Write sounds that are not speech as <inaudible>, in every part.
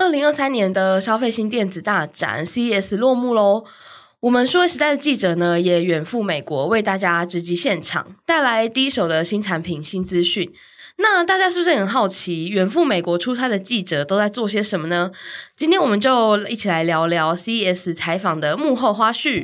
二零二三年的消費性電子大展 CES 落幕咯。我們數位時代的記者呢，也遠赴美國為大家直擊現場，帶來第一手的新產品、新資訊。那大家是不是很好奇，遠赴美國出差的記者都在做些什麼呢？今天我們就一起來聊聊 CES 採訪的幕後花絮。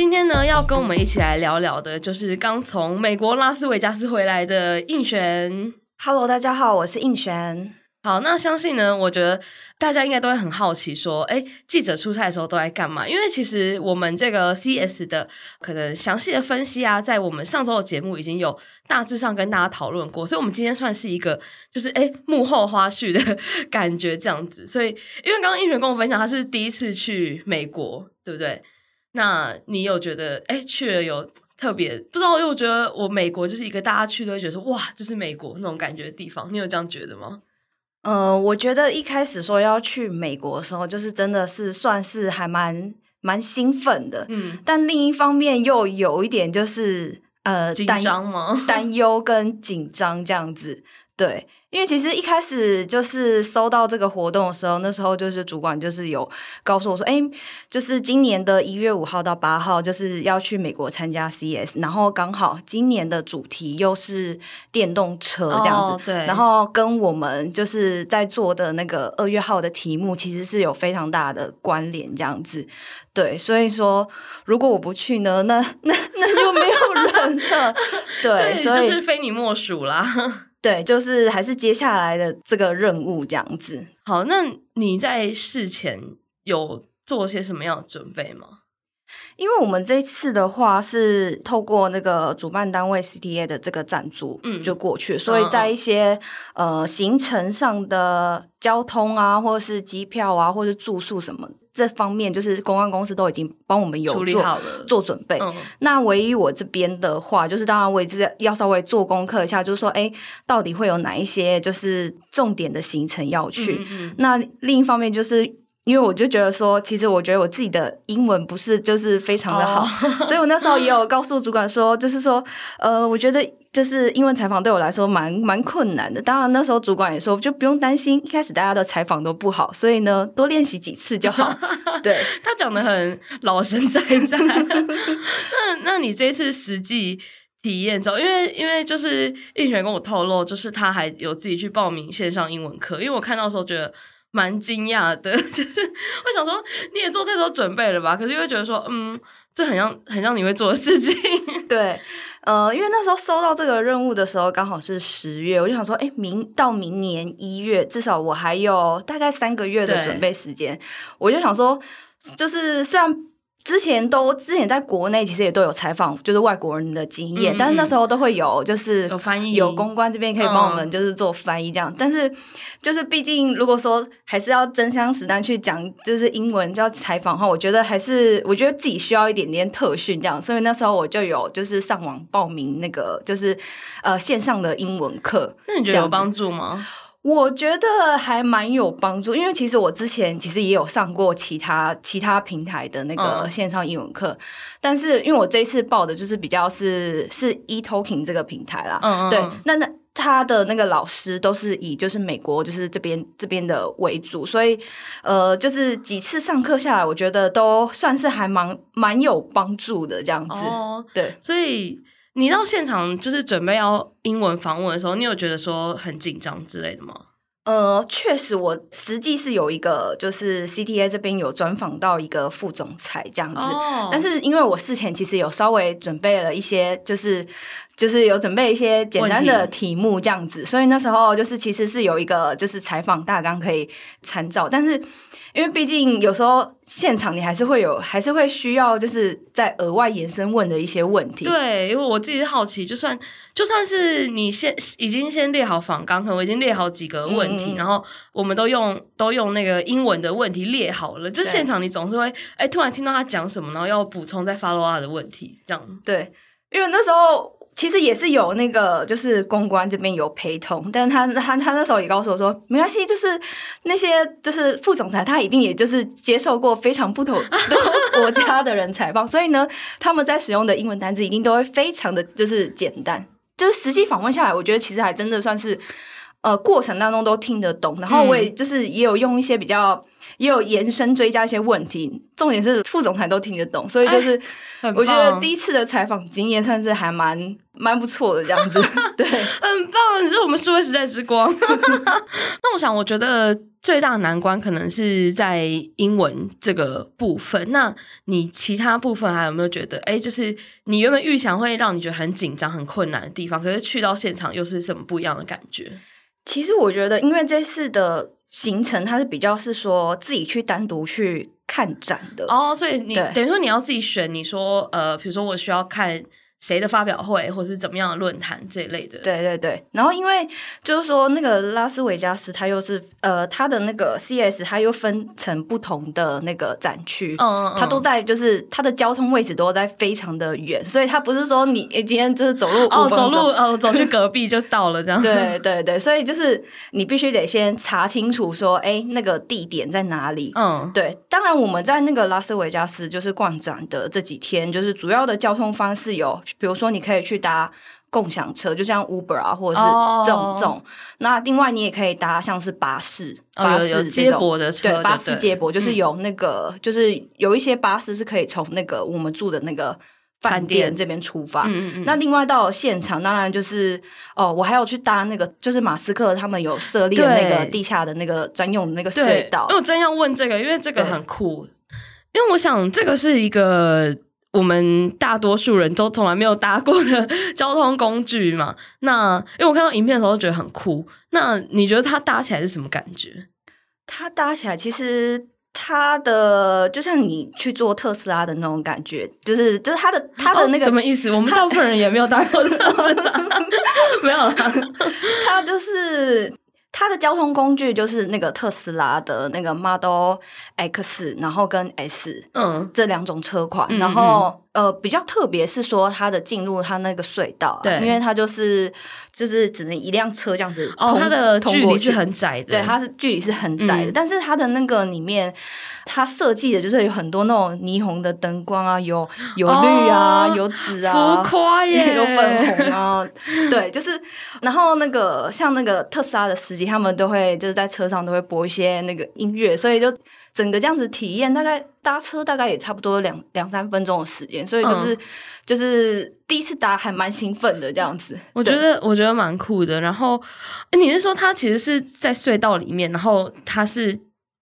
今天呢，要跟我們一起來聊聊的，就是剛從美國拉斯維加斯回來的映璇。Hello，大家好，我是映璇。好，那相信呢，我覺得大家應該都會很好奇，說，哎、欸，記者出差的時候都在幹嘛？因為其實我們這個 CES 的可能詳細的分析啊，在我們上周的節目已經有大致上跟大家討論過，所以我們今天算是一個就是哎、欸，幕後花絮的感覺這樣子。所以，因為剛剛映璇跟我分享，他是第一次去美國，對不對？那你有覺得，哎、欸，去了有特別不知道？因為我覺得我美國就是一個大家去都會覺得說，哇，這是美國那種感覺的地方。你有這樣覺得嗎？嗯、呃，我覺得一開始說要去美國的時候，就是真的是算是還蠻蠻興奮的，嗯。但另一方面又有一點就是，呃，緊張嗎？擔憂跟緊張這樣子。對，因為其實一開始就是收到這個活動的時候，那時候就是主管就是有告訴我說：“哎，就是今年的一月五號到八號，就是要去美國參加 CES，然後剛好今年的主題又是電動車這樣子，哦、對，然後跟我們就是在做的那個二月號的題目其實是有非常大的關聯這樣子，對，所以說如果我不去呢，那那那就沒有人了， <laughs> 對，對，所以就是非你莫屬啦。”對，就是還是接下來的這個任務這樣子。好，那你在事前有做些什麼樣的準備嗎？因為我們這次的話是透過那個主辦單位 CTA 的這個贊助，嗯，就過去，嗯、所以在一些、嗯、呃行程上的交通啊，或者是機票啊，或者是住宿什麼的。這方面就是公關公司都已經幫我們有做處理好了，做準備。嗯、那唯一我這邊的話，就是當然我也就是要稍微做功課一下，就是說，誒，到底會有哪一些就是重點的行程要去？嗯嗯，那另一方面，就是因為我就覺得說，其實我覺得我自己的英文不是就是非常的好，哦、 <laughs> 所以我那時候也有告訴主管說， <laughs> 就是說，呃，我覺得。就是英文採訪對我來說蠻蠻困難的，當然那時候主管也說，就不用擔心，一開始大家的採訪都不好，所以呢，多練習幾次就好。 <laughs> 對 <laughs> 他講的很老神在在。 <laughs> <laughs> <laughs> 那那你這次實際體驗之後，因為因為就是映璇跟我透露，就是他還有自己去報名線上英文課，因為我看到的時候覺得蠻驚訝的，就是我想說你也做太多準備了吧？可是又覺得說，嗯。很像很像你會做的事情， <laughs> 對，呃，因為那時候收到這個任務的時候，剛好是十月，我就想說，哎、欸，明到明年一月，至少我還有大概三個月的準備時間，對我就想說，就是雖然。之前都，之前在國內其實也都有採訪，就是外國人的經驗，嗯、但是那時候都會有，就是有翻譯，有公關這邊可以幫我們就是做翻譯這樣。嗯、但是就是畢竟如果說還是要真槍實彈去講就是英文就要採訪的話，我覺得還是我覺得自己需要一點點特訓這樣。所以那時候我就有就是上網報名那個就是呃線上的英文課，那你覺得有幫助嗎？我覺得還蠻有幫助，因為其實我之前其實也有上過其他其他平台的那個線上英文課，嗯、但是因為我這一次報的就是比較是是 E Talking 這個平台啦，嗯，嗯，對，那那他的那個老師都是以就是美國就是這邊這邊的為主，所以呃，就是幾次上課下來，我覺得都算是還蠻蠻有幫助的這樣子，哦、對，所以。你到現場就是準備要英文訪問的時候，你有覺得說很緊張之類的嗎？呃，確實，我實際是有一個，就是 CTA 這邊有專訪到一個副總裁這樣子，哦、但是因為我事前其實有稍微準備了一些，就是。就是有準備一些簡單的題目這樣子，問題。所以那時候就是其實是有一個就是採訪大綱可以參照，但是因為畢竟有時候現場你還是會有還是會需要就是在額外延伸問的一些問題。對，因為我自己是好奇，就算就算是你先已經先列好訪綱，可能我已經列好幾個問題，嗯嗯嗯然後我們都用都用那個英文的問題列好了，就現場你總是會哎對。、欸、突然聽到他講什麼，然後要補充再 follow up 的問題這樣。對，因為那時候。其實也是有那個，就是公關這邊有陪同，但是他他他那時候也告訴我說，沒關係，就是那些就是副總裁，他一定也就是接受過非常不同的國家的人採訪， <laughs> 所以呢，他們在使用的英文單字一定都會非常的就是簡單，就是實際訪問下來，我覺得其實還真的算是。呃，過程當中都聽得懂，然後我也就是也有用一些比較，嗯、也有延伸追加一些問題。重點是副總裁都聽得懂，所以就是我覺得第一次的採訪經驗算是還蠻蠻不錯的這樣子。欸、對，很棒！你是我們數位時代之光。 <laughs> <laughs> 那我想，我覺得最大的難關可能是在英文這個部分。那你其他部分還有沒有覺得，誒、欸、就是你原本預想會讓你覺得很緊張、很困難的地方，可是去到現場又是什麼不一樣的感覺？其實我覺得，因為這次的行程，它是比較是說自己去單獨去看展的哦，所以你對等於說你要自己選，你說呃，比如說我需要看。誰的發表會，或是怎麼樣的論壇這一類的？對對對。然後因為就是說，那個拉斯維加斯它又是呃，它的那個 CES 它又分成不同的那個展區，嗯嗯，它都在就是它的交通位置都在非常的遠，所以它不是說你今天就是走路哦，走路哦，走去隔壁就到了這樣。 <laughs> 對對對，所以就是你必須得先查清楚說，哎、欸，那個地點在哪裡？嗯，對。當然我們在那個拉斯維加斯就是逛展的這幾天，就是主要的交通方式有。比如說，你可以去搭共享車，就像 Uber 啊，或者是這種這種。那另外，你也可以搭像是巴士，巴士接駁的車。對，巴士接駁就是有那個，就是有一些巴士是可以從那個我們住的那個飯店這邊出發。那另外到了現場，當然就是哦，我還有去搭那個，就是馬斯克他們有設立那個地下的那個專用那個隧道。我真要問這個，因為這個很酷，因為我想這個是一個。我們大多數人都從來沒有搭過的交通工具嘛。那因為我看到影片的時候覺得很酷。那你覺得它搭起來是什麼感覺？它搭起來其實它的就像你去坐特斯拉的那種感覺，就是就是它的它的那個、哦、什麼意思？我們大部分人也沒有搭過特斯拉， <laughs> 沒有啦。它就是。它的交通工具就是那個特斯拉的那個 Model X，然後跟 S，, 嗯， 這兩種車款。嗯嗯然後呃，比較特別是說它的進入它那個隧道，啊，對，因為它就是就是只能一輛車這樣子。哦，同它的距離是很窄的，對，它是距離是很窄的。嗯，但是它的那個裡面，它設計的就是有很多那種霓虹的燈光啊，有有綠啊，哦，有紫啊，浮誇耶，有粉紅啊， <laughs> 對，就是。然後那個像那個特斯拉的司他們都會就是在車上都會播一些那個音樂，所以就整個這樣子體驗，大概搭車大概也差不多兩兩三分鐘的時間，所以就是、嗯、就是第一次搭還蠻興奮的這樣子，我，對我覺得我覺得蠻酷的。然後你是說他其實是在隧道裡面，然後他是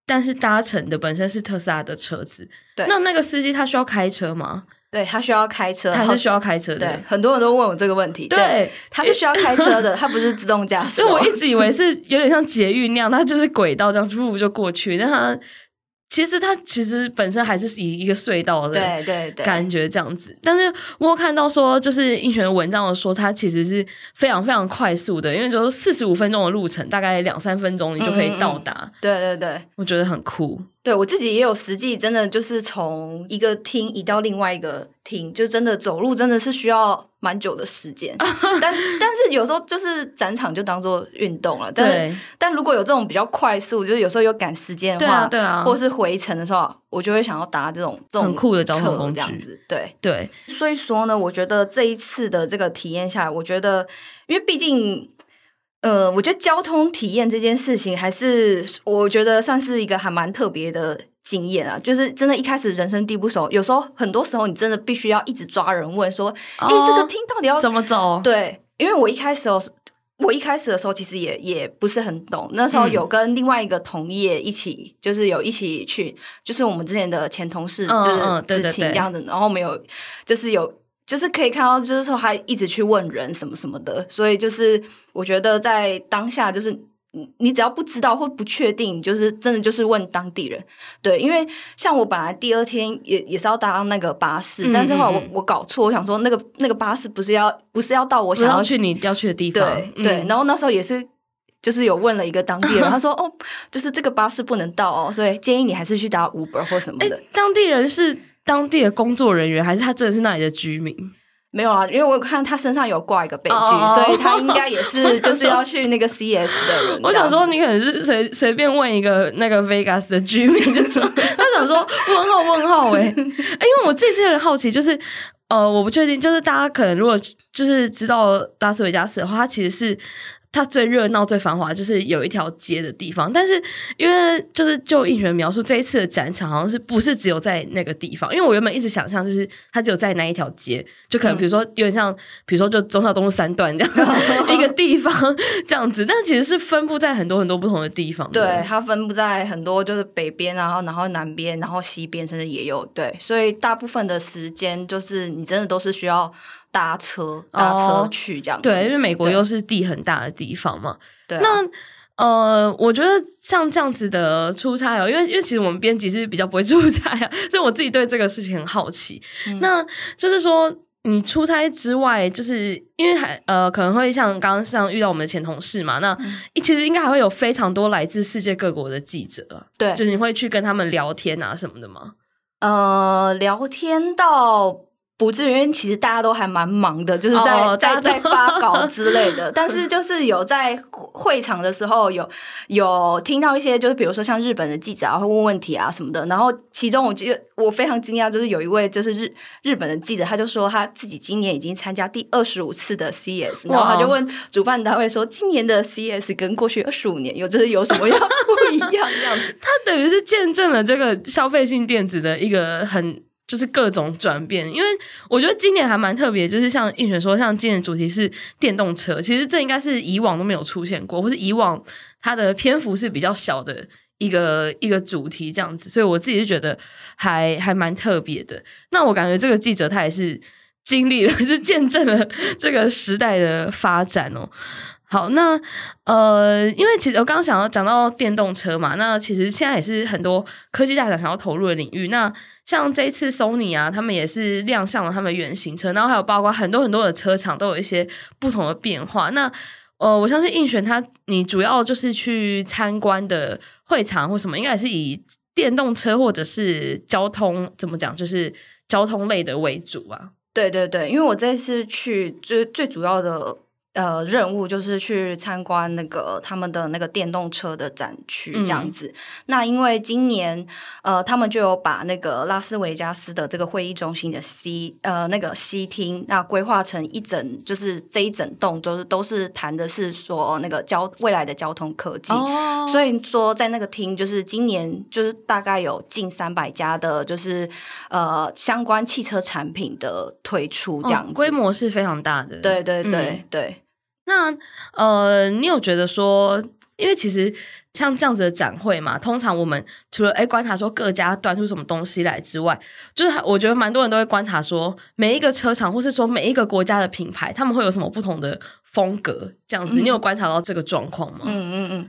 但是搭乘的本身是特斯拉的車子，對，那那個司機他需要開車嗎？對，他需要開車，他還是需要開車的。對，很多人都問我這個問題。對，對，他是需要開車的， <laughs> 他不是自動駕駛。 <laughs> 我一直以為是有點像捷運那樣，他就是軌道這樣，嗚就過去。但他。其實它，其實本身還是以一個隧道的，對對，感覺這樣子，對對對。但是我看到說就是英文的文章的說，它其實是非常非常快速的，因為就是四十五分鐘的路程，大概兩三分鐘你就可以到達。嗯嗯對對對，我覺得很酷。對，我自己也有實際，真的就是從一個廳移到另外一個廳，就真的走路真的是需要。蠻久的時間， <laughs> 但但是，有時候就是展場就當做運動了。 <laughs> 但是對，但如果有這種比較快速，就是有時候又趕時間的話對、啊，對啊，或者是回程的時候，我就會想要搭這種這種很酷的交通工具這樣子，對對。所以說呢，我覺得這一次的這個體驗下來，我覺得因為畢竟，呃，我覺得交通體驗這件事情，還是我覺得算是一個還蠻特別的。經驗啊，就是真的，一開始人生地不熟，有時候很多時候你真的必須要一直抓人問說：“哎、哦欸，這個廳到底要怎麼走？”對，因為我一開始我一開始的時候其實也也不是很懂，那時候有跟另外一個同業一起、嗯、一起，就是有一起去，就是我們之前的前同事，嗯、就是這、嗯、對前對、對，一樣的，然後沒有，就是有，就是可以看到，就是說還一直去問人什麼什麼的，所以就是我覺得在當下就是。你你只要不知道或不確定，你就是真的就是問當地人，對，因為像我本來第二天也也是要搭那個巴士，嗯、但是後來我我搞錯，我想說那個那個巴士不是要不是要到我想要，要去你要去的地方，對、嗯、對，然後那時候也是就是有問了一個當地人，嗯、他說哦，就是這個巴士不能到哦，所以建議你還是去搭 Uber 或什麼的、欸。當地人是當地的工作人員，還是他真的是那裡的居民？沒有啊，因為我有看他身上有掛一個悲劇，oh, 所以他應該也是就是要去那個 CES 的人。我想說，想說你可能是隨隨便問一個那個 Vegas 的居民，就說 <laughs> 他想說問號問號誒。因為我這次有點好奇，就是呃，我不確定，就是大家可能如果就是知道拉斯維加斯的話，他其實是。它最熱鬧、最繁華，就是有一條街的地方。但是，因為就是就映璇描述，這一次的展場好像是不是只有在那個地方？因為我原本一直想象，就是它只有在那一條街，就可能比如說有點像，比如說就忠孝東路三段這樣一個地方這樣子。 <laughs> 但其實是分布在很多很多不同的地方的。對，它分布在很多，就是北邊，然後然後南邊，然後西邊，甚至也有。對，所以大部分的時間，就是你真的都是需要。搭車搭車去這樣子。哦，對，因為美國又是地很大的地方嘛。對，那呃，我覺得像這樣子的出差哦，因為因為其實我們編輯是比較不會出差啊，所以我自己對這個事情很好奇。嗯、那就是說，你出差之外，就是因為還呃，可能會像剛剛像遇到我們的前同事嘛，那、嗯、其實應該還會有非常多來自世界各國的記者。對，就是你會去跟他們聊天啊什麼的嗎？呃，聊天到。不至於，因為其實大家都還蠻忙的，就是在、哦、在在，在發稿之類的。 <laughs> 但是就是有在會場的時候有，有有聽到一些，就是比如說像日本的記者啊，會問問題啊什麼的。然後其中我就，我非常驚訝，就是有一位就是日日本的記者，他就說他自己今年已經參加第二十五次的 CES、哦、然後他就問主辦單位說，今年的 CES 跟過去二十五年有就是有什麼樣不一樣這樣 <laughs> 他等於是見證了這個消費性電子的一個很。就是各種轉變，因為我覺得今年還蠻特別，就是像映璇說，像今年主題是電動車，其實這應該是以往都沒有出現過，或是以往它的篇幅是比較小的一個一個主題這樣子，所以我自己就覺得還還蠻特別的。那我感覺這個記者他也是經歷了，就是見證了這個時代的發展哦。好，那呃，因為其實我剛剛想要講到電動車嘛，那其實現在也是很多科技大廠想要投入的領域。那像這一次 Sony 啊，他們也是亮相了他們原型車，然後還有包括很多很多的車廠都有一些不同的變化。那呃，我相信映璇他，你主要就是去參觀的會場或什麼，應該也是以電動車或者是交通怎麼講，就是交通類的為主啊。對對對，因為我這次去最、就是、最主要的。呃，任務就是去參觀那個他們的那個電動車的展區，這樣子。嗯、那因為今年，呃，他們就有把那個拉斯維加斯的這個會議中心的西，呃，那個西廳，那規劃成一整，就是這一整棟都是都是談的是說那個交未來的交通科技。哦。所以說，在那個廳，就是今年就是大概有近三百家的，就是呃，相關汽車產品的推出，這樣子。哦、規模是非常大的。對對對對。嗯對那呃，你有覺得說，因為其實像這樣子的展會嘛，通常我們除了誒觀察說各家端出什麼東西來之外，就是我覺得蠻多人都會觀察說每一個車廠或是說每一個國家的品牌，他們會有什麼不同的風格這樣子。你有觀察到這個狀況嗎？嗯嗯嗯。嗯嗯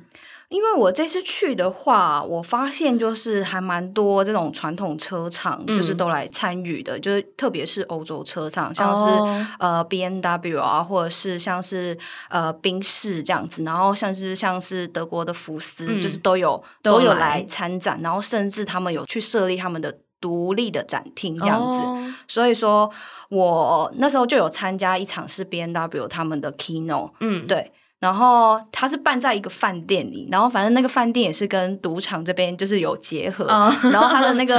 因為我這次去的話，我發現就是還蠻多這種傳統車廠，就是都來參與的，嗯、就特別是特別是歐洲車廠，像是，哦、呃 BMW 啊，或者是像是呃賓士這樣子，然後像是像是德國的福斯，嗯、就是都有都有來參展，來然後甚至他們有去設立他們的獨立的展廳這樣子。哦、所以說，我那時候就有參加一場是 BMW 他們的 keynote，嗯，對。然後他是辦在一個飯店裡，然後反正那個飯店也是跟賭場這邊就是有結合， <laughs> 然後他的那個。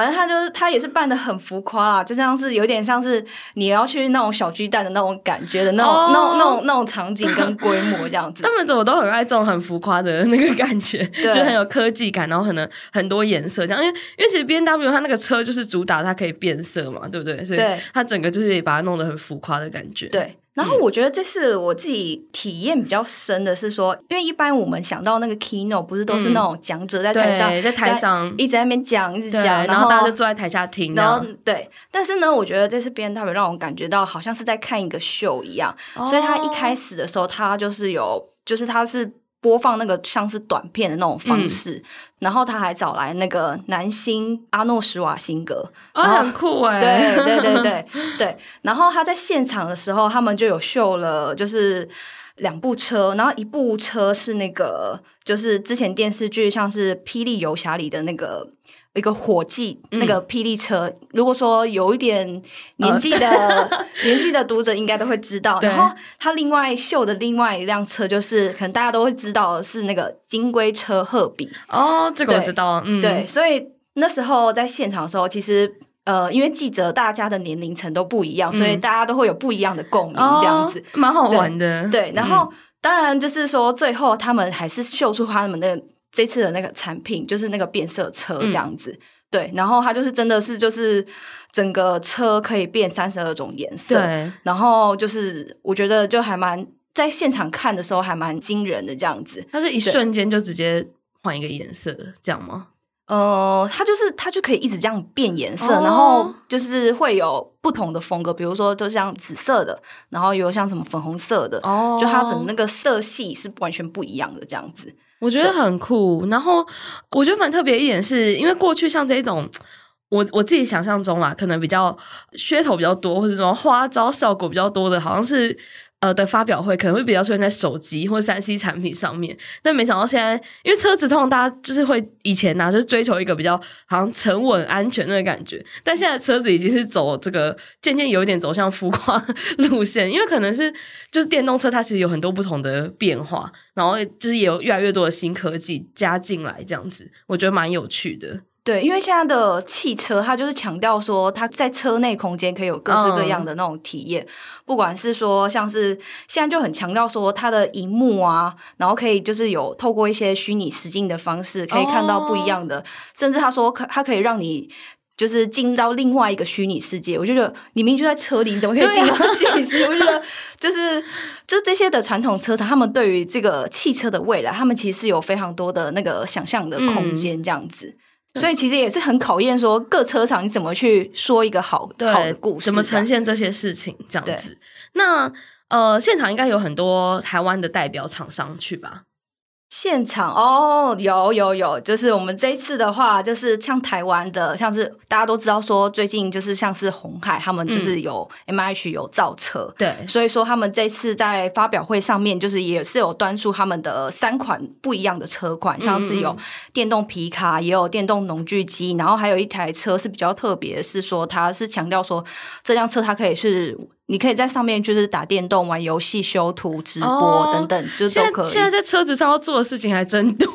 反正他就是他也是辦得很浮誇啦，就像是有點像是你要去那種小巨蛋的那種感覺的，oh. 那種那種那種那種場景跟規模這樣子。 <laughs> 他們怎麼都很愛這種很浮誇的那個感覺，對就很有科技感，然後可能很多顏色這樣。因為因為其實 BMW 它那個車就是主打它可以變色嘛，對不對？所以它整個就是把它弄得很浮誇的感覺。對。然後我覺得這是我自己體驗比較深的是說，嗯、因為一般我們想到那個 keynote 不是都是那種講者在台上，嗯、在台上在一直在那邊講一直講，然後。大家就坐在台下聽、啊，然後對，但是呢，我覺得這次編，特別讓我感覺到好像是在看一個秀一樣，哦、所以他一開始的時候，他就是有，就是他是播放那個像是短片的那種方式，嗯、然後他還找來那個男星阿諾·史瓦辛格，啊、哦後哦，很酷哎、欸，對對對對 <laughs> 對，然後他在現場的時候，他們就有秀了，就是兩部車，然後一部車是那個就是之前電視劇像是《霹靂遊俠》裡的那個。一個火計那個霹靂車，嗯、如果說有一點年紀的、呃、年紀的讀者應該都會知道。對然後他另外秀的另外一輛車，就是可能大家都會知道的是那個金龜車赫比。哦，這個我知道。對嗯，對，所以那時候在現場的時候，其實呃，因為記者大家的年齡層都不一樣，嗯、所以大家都會有不一樣的共鳴，這樣子蠻、哦、好玩的對。對，然後、嗯、當然就是說最後他們還是秀出他們的。這次的那個產品就是那個變色車這樣子，嗯、對，然後它就是真的是就是整個車可以變三十二種顏色，對然後就是我覺得就還蠻在現場看的時候還蠻驚人的這樣子。它是一瞬間就直接換一個顏色對這樣嗎？呃，它就是它就可以一直這樣變顏色，哦、然後就是會有不同的風格，比如說就像紫色的，然後有像什麼粉紅色的，哦，就它的那個色系是完全不一樣的這樣子。我覺得很酷，對然後我覺得蠻特別一點是，是因為過去像這種，我我自己想象中啦，可能比較噱頭比較多，或者說花招效果比較多的，好像是。呃的發表會可能會比較出現在手機或者三 C 產品上面，但沒想到現在，因為車子通常大家就是會以前呢、啊、就是追求一個比較好像沉穩安全的感覺，但現在車子已經是走這個漸漸有一點走向浮誇路線，因為可能是就是電動車它其實有很多不同的變化，然後就是也有越來越多的新科技加進來這樣子，我覺得蠻有趣的。對，因為現在的汽車，它就是強調說，它在車內空間可以有各式各樣的那種體驗，um. 不管是說像是現在就很強調說它的熒幕啊，然後可以就是有透過一些虛擬實境的方式，可以看到不一樣的，oh. 甚至他說可它可以讓你就是進到另外一個虛擬世界。我就覺得你明明就在車裡，你怎麼可以進到虛擬世界？我覺得就是就這些的傳統車他們對於這個汽車的未來，他們其實有非常多的那個想象的空間，這樣子。嗯所以其實也是很考驗說各車廠你怎麼去說一個好對好的故事，怎麼呈現這些事情這樣子。對那呃，現場應該有很多台灣的代表廠商去吧？現場哦、oh, 有有有，就是我們這一次的話，就是像台灣的，像是大家都知道說，最近就是像是鴻海他們就是有 M I H 有造車，對、嗯，所以說他們這次在發表會上面，就是也是有端出他們的三款不一樣的車款，嗯、像是有電動皮卡，也有電動農具機，然後還有一台車是比較特別，是說它是強調說這輛車它可以是。你可以在上面就是打電動、玩遊戲、修圖、直播、oh, 等等，就是都可以。現在，現在在車子上要做的事情還真多，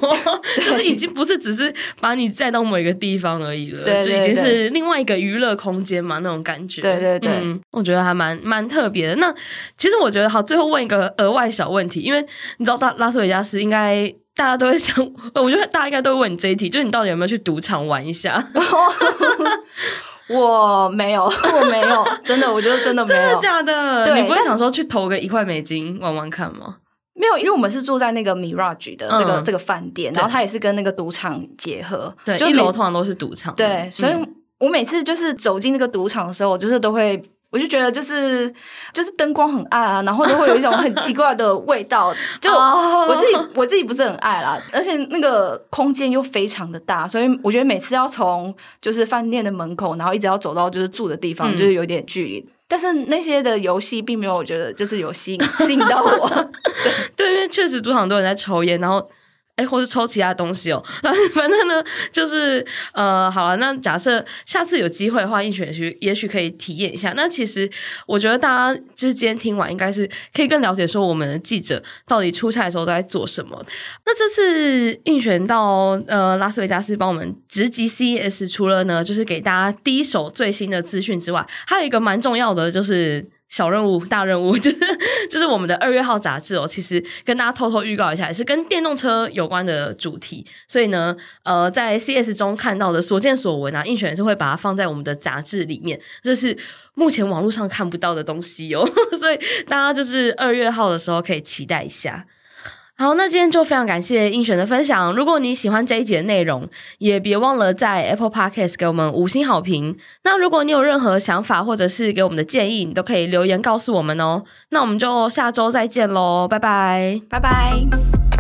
對 <laughs> 就是已經不是只是把你載到某一個地方而已了，對對對，就已經是另外一個娛樂空間嘛那種感覺。對對對、嗯，我覺得還蠻蠻特別的。那其實我覺得好，最後問一個額外小問題，因為你知道大拉斯維加斯應該大家都會想，我覺得大家應該都會問你這一題，就是你到底有沒有去賭場玩一下？Oh. <laughs> 我沒有，我沒有， <laughs> 真的，我覺得真的沒有。真的假的？對，你不會想說去投個一塊美金玩玩看嗎？沒有，因為我們是住在那個 Mirage 的這個、嗯、這個飯店，然後它也是跟那個賭場結合，對，就每對，一樓通常都是賭場，對，所以我每次就是走進那個賭場的時候，嗯、我就是都會。我就覺得就是就是燈光很暗啊，然後就會有一種很奇怪的味道，就我自己我自己不是很愛啦，而且那個空間又非常的大，所以我覺得每次要從就是飯店的門口，然後一直要走到就是住的地方，就是有點距離。嗯。但是那些的遊戲並沒有，我覺得就是有吸引吸引到我，對，因為確實賭場都有多人在抽菸，然後。哎、欸，或者抽其他的東西哦。反正呢，就是呃，好了。那假設下次有機會的話，映璇也許可以體驗一下。那其實我覺得大家之間聽完，應該是可以更了解說我們的記者到底出差的時候都在做什麼。那這次映璇到呃拉斯維加斯幫我們直擊 CES，除了呢就是給大家第一手最新的資訊之外，還有一個蠻重要的就是。小任務、大任務就是就是我們的二月號雜誌哦，其實跟大家偷偷預告一下，也是跟電動車有關的主題，所以呢，呃，在 CES 中看到的所見所聞啊，映璇是會把它放在我們的雜誌裡面，這是目前網絡上看不到的東西哦，所以大家就是二月號的時候可以期待一下。好，那今天就非常感謝映璇的分享。如果你喜歡這一集的內容，也別忘了在 Apple Podcast 給我們五星好評。那如果你有任何想法或者是給我們的建議，你都可以留言告訴我們哦、喔。那我們就下周再見嘍，拜拜，拜拜。